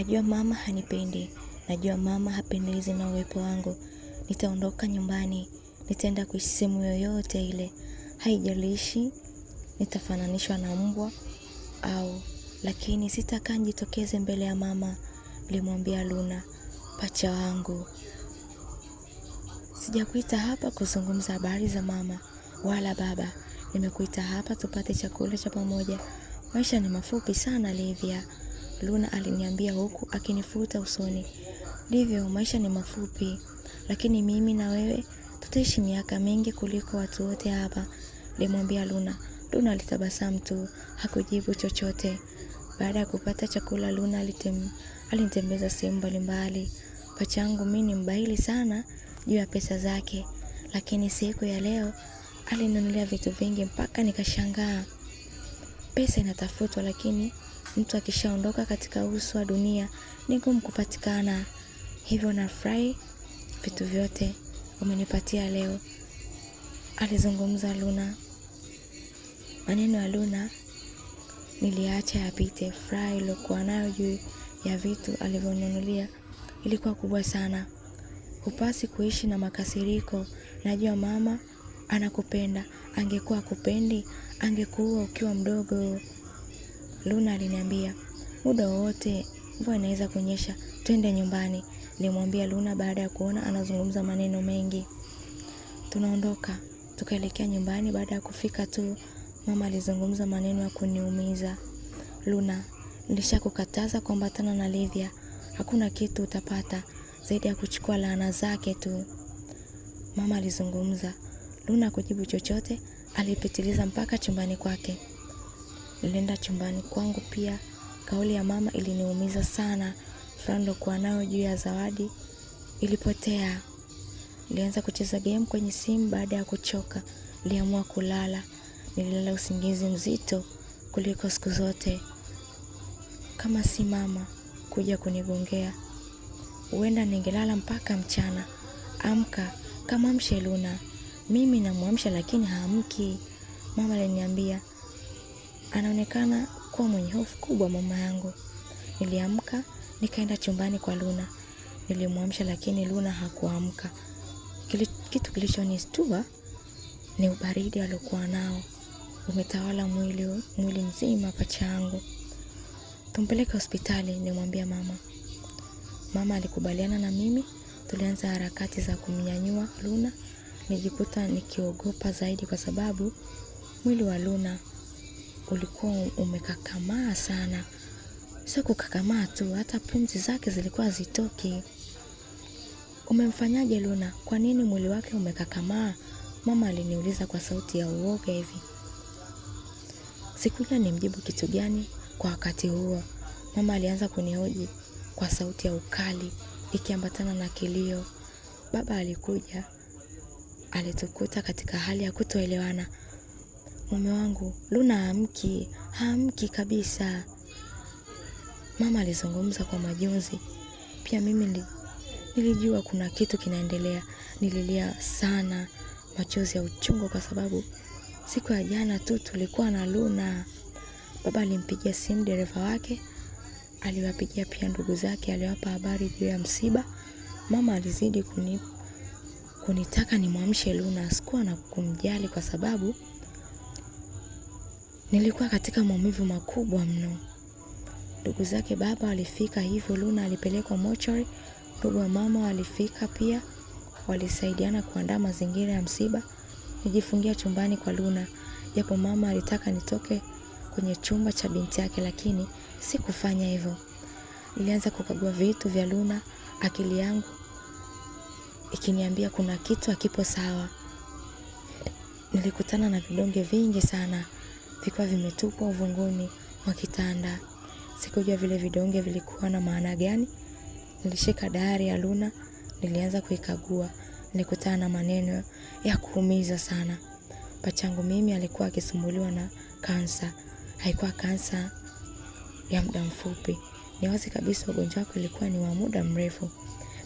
Najua mama hanipendi, najua mama hapendezi na uwepo wangu. Nitaondoka nyumbani, nitaenda kuishi sehemu yoyote ile, haijalishi nitafananishwa na mbwa au, lakini sitakaa njitokeze mbele ya mama, nilimwambia Luna, pacha wangu. Sijakuita hapa kuzungumza habari za mama wala baba. Nimekuita hapa tupate chakula cha pamoja. Maisha ni mafupi sana Livia. Luna aliniambia huku akinifuta usoni. Ndivyo, maisha ni mafupi, lakini mimi na wewe tutaishi miaka mingi kuliko watu wote hapa, nilimwambia Luna. Luna alitabasamu tu, hakujibu chochote. Baada ya kupata chakula, Luna alitem, alinitembeza sehemu mbalimbali. Pachangu mimi ni mbahili sana juu ya pesa zake, lakini siku ya leo alinunulia vitu vingi mpaka nikashangaa. Pesa inatafutwa lakini mtu akishaondoka katika uso wa dunia ni ngumu kupatikana. Hivyo nafurahi vitu vyote umenipatia leo, alizungumza Luna. Maneno ya Luna niliacha yapite. Furaha iliyokuwa nayo juu ya vitu alivyonunulia ilikuwa kubwa sana. Hupasi kuishi na makasiriko. Najua mama anakupenda, angekuwa akupendi, angekuua ukiwa mdogo. Luna aliniambia, muda wowote mvua inaweza kunyesha, twende nyumbani, nilimwambia Luna baada ya kuona anazungumza maneno mengi. Tunaondoka, tukaelekea nyumbani. Baada ya kufika tu, mama alizungumza maneno ya kuniumiza. Luna, nilishakukataza kuambatana na Livia, hakuna kitu utapata zaidi ya kuchukua laana zake tu, mama alizungumza. Luna kujibu chochote, alipitiliza mpaka chumbani kwake. Nilienda chumbani kwangu pia. Kauli ya mama iliniumiza sana. Furaha nilokuwa nayo juu ya zawadi ilipotea. Nilianza kucheza game kwenye simu baada ya kuchoka. Niliamua kulala. Nililala usingizi mzito kuliko siku zote. Kama si mama kuja kunigongea, huenda ningelala mpaka mchana. Amka, mshe Luna. Mimi namwamsha lakini haamki. Mama aliniambia, Anaonekana kuwa mwenye hofu kubwa mama yangu. Niliamka, nikaenda chumbani kwa Luna. Nilimwamsha lakini Luna hakuamka. Kitu kilichonistua ni ubaridi aliokuwa nao. Umetawala mwili, mwili mzima pacha yangu. Tumpeleke hospitali, nimwambia mama. Mama alikubaliana na mimi, tulianza harakati za kumnyanyua Luna. nijikuta nikiogopa zaidi kwa sababu mwili wa Luna ulikuwa umekakamaa sana. Sio kukakamaa tu, hata pumzi zake zilikuwa zitoki Umemfanyaje Luna? Kwa nini mwili wake umekakamaa? Mama aliniuliza kwa sauti ya uoga hivi. Sikuja nimjibu kitu gani kwa wakati huo. Mama alianza kunihoji kwa sauti ya ukali ikiambatana na kilio. Baba alikuja, alitukuta katika hali ya kutoelewana mume wangu, Luna amki amki kabisa. Mama alizungumza kwa majonzi. Pia mimi nilijua kuna kitu kinaendelea. Nililia sana, machozi ya uchungu, kwa sababu siku ya jana tu tulikuwa na Luna. Baba alimpigia simu dereva wake, aliwapigia pia ndugu zake, aliwapa habari juu ya msiba. Mama alizidi kuni, kunitaka nimwamshe Luna. Sikuwa na kumjali kwa sababu Nilikuwa katika maumivu makubwa mno. Ndugu zake baba walifika, hivyo Luna alipelekwa mochari. Ndugu wa mama walifika pia, walisaidiana kuandaa mazingira ya msiba. Nijifungia chumbani kwa Luna, japo mama alitaka nitoke kwenye chumba cha binti yake, lakini sikufanya hivyo. Nilianza kukagua vitu vya Luna, akili yangu ikiniambia kuna kitu hakipo sawa. Nilikutana na vidonge vingi sana vikiwa vimetupwa uvunguni mwa kitanda. Sikujua vile vidonge vilikuwa na maana gani. Nilishika dayari ya Luna, nilianza kuikagua. Nilikutana na maneno ya kuumiza sana. Pachangu mimi alikuwa akisumbuliwa na kansa. Haikuwa kansa ya muda mfupi. Ni wazi kabisa ugonjwa wake ulikuwa ni wa muda mrefu.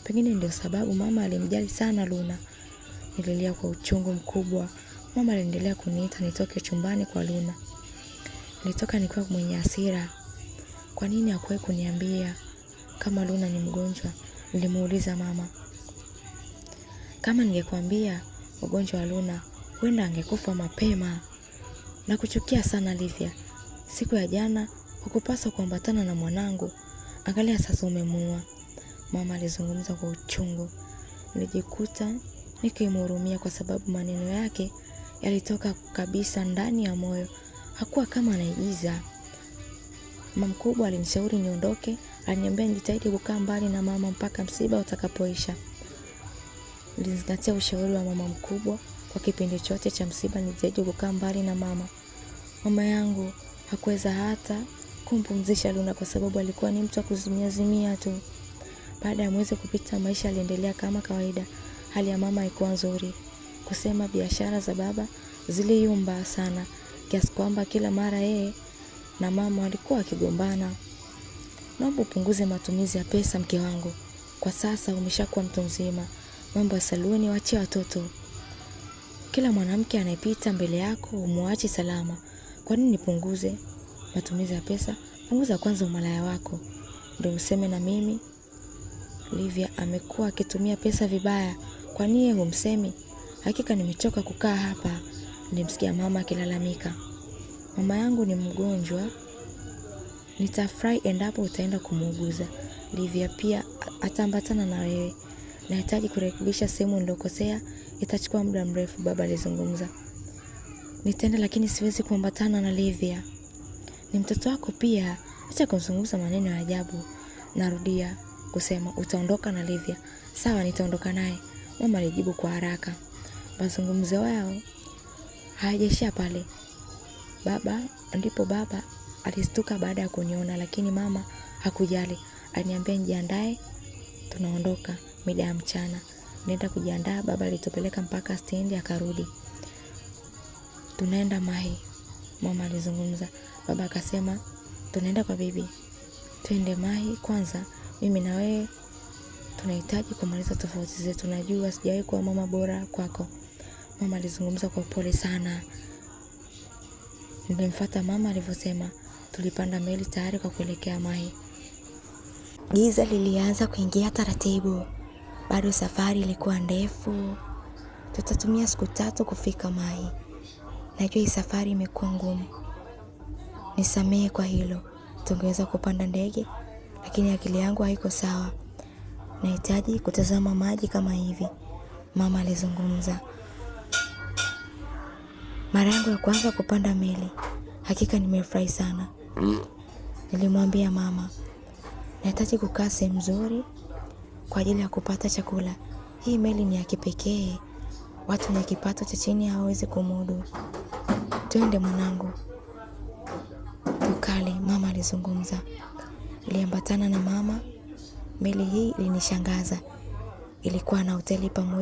Pengine ndio sababu mama alimjali sana Luna. Nililia kwa uchungu mkubwa. Mama aliendelea kuniita nitoke chumbani kwa Luna. Nilitoka nikiwa mwenye hasira. Kwa nini hakuwahi kuniambia kama Luna ni mgonjwa? Nilimuuliza mama. Kama ningekwambia ugonjwa wa Luna, huenda angekufa mapema. Nakuchukia sana Livia. Siku ya jana hukupaswa kuambatana na mwanangu. Angalia sasa umemua Mama alizungumza kwa uchungu. Nilijikuta nikimhurumia kwa sababu maneno yake yalitoka kabisa ndani ya moyo hakuwa kama anaigiza. Mama mkubwa alinishauri niondoke, aliniambia nijitahidi kukaa mbali na mama mpaka msiba utakapoisha. Nilizingatia ushauri wa mama mkubwa, kwa kipindi chote cha msiba nijitahidi kukaa mbali na mama. Mama yangu hakuweza hata kumpumzisha Luna kwa sababu alikuwa ni mtu wa kuzimia tu. Baada ya mwezi kupita, maisha aliendelea kama kawaida. Hali ya mama haikuwa nzuri, kusema biashara za baba ziliyumba sana kiasi kwamba kila mara yeye na mama walikuwa wakigombana. Naomba upunguze matumizi ya pesa, mke wangu. Kwa sasa umeshakuwa mtu mzima, mambo ya saluni waachie watoto. Kila mwanamke anayepita mbele yako umuache salama. Kwa nini nipunguze matumizi ya pesa? Punguza kwanza umalaya wako, ndio useme na mimi Livia amekuwa akitumia pesa vibaya. Kwa nini humsemi? Hakika nimechoka kukaa hapa nilimsikia mama akilalamika, mama yangu ni mgonjwa, nitafurahi endapo utaenda kumuuguza. Livia pia ataambatana na wewe. Nahitaji kurekebisha sehemu nilokosea, itachukua muda mrefu, baba alizungumza. Nitaenda lakini siwezi kuambatana na Livia. Ni mtoto wako pia, acha kumzungumza maneno ya ajabu. Narudia kusema utaondoka na Livia. Sawa, nitaondoka naye, mama alijibu kwa haraka. Mazungumzo yao Hayajaishia pale. Baba ndipo baba alistuka baada ya kuniona, lakini mama hakujali. Aliniambia nijiandae, tunaondoka mida ya mchana. Nenda kujiandaa. Baba alitupeleka mpaka stendi akarudi. Tunaenda Mahi, mama alizungumza. Baba akasema tunaenda kwa bibi, twende Mahi kwanza, mimi na wewe tunahitaji kumaliza tofauti zetu. Najua sijawahi kuwa mama bora kwako. Mama alizungumza kwa upole sana. Nilimfuata mama alivyosema. Tulipanda meli tayari kwa kuelekea Mai. Giza lilianza kuingia taratibu. Bado safari ilikuwa ndefu. Tutatumia siku tatu kufika Mai. Najua hii safari imekuwa ngumu. Nisamehe kwa hilo. Tungeweza kupanda ndege, lakini akili yangu haiko sawa. Nahitaji kutazama maji kama hivi. Mama alizungumza. Mara yangu ya kwanza kupanda meli, hakika nimefurahi sana. Mm. Nilimwambia mama, nahitaji kukaa sehemu nzuri kwa ajili ya kupata chakula. Hii meli ni ya kipekee, watu wenye kipato cha chini hawawezi kumudu. Twende mwanangu, tukale, mama alizungumza. Niliambatana na mama. Meli hii ilinishangaza. Ilikuwa na hoteli pamoja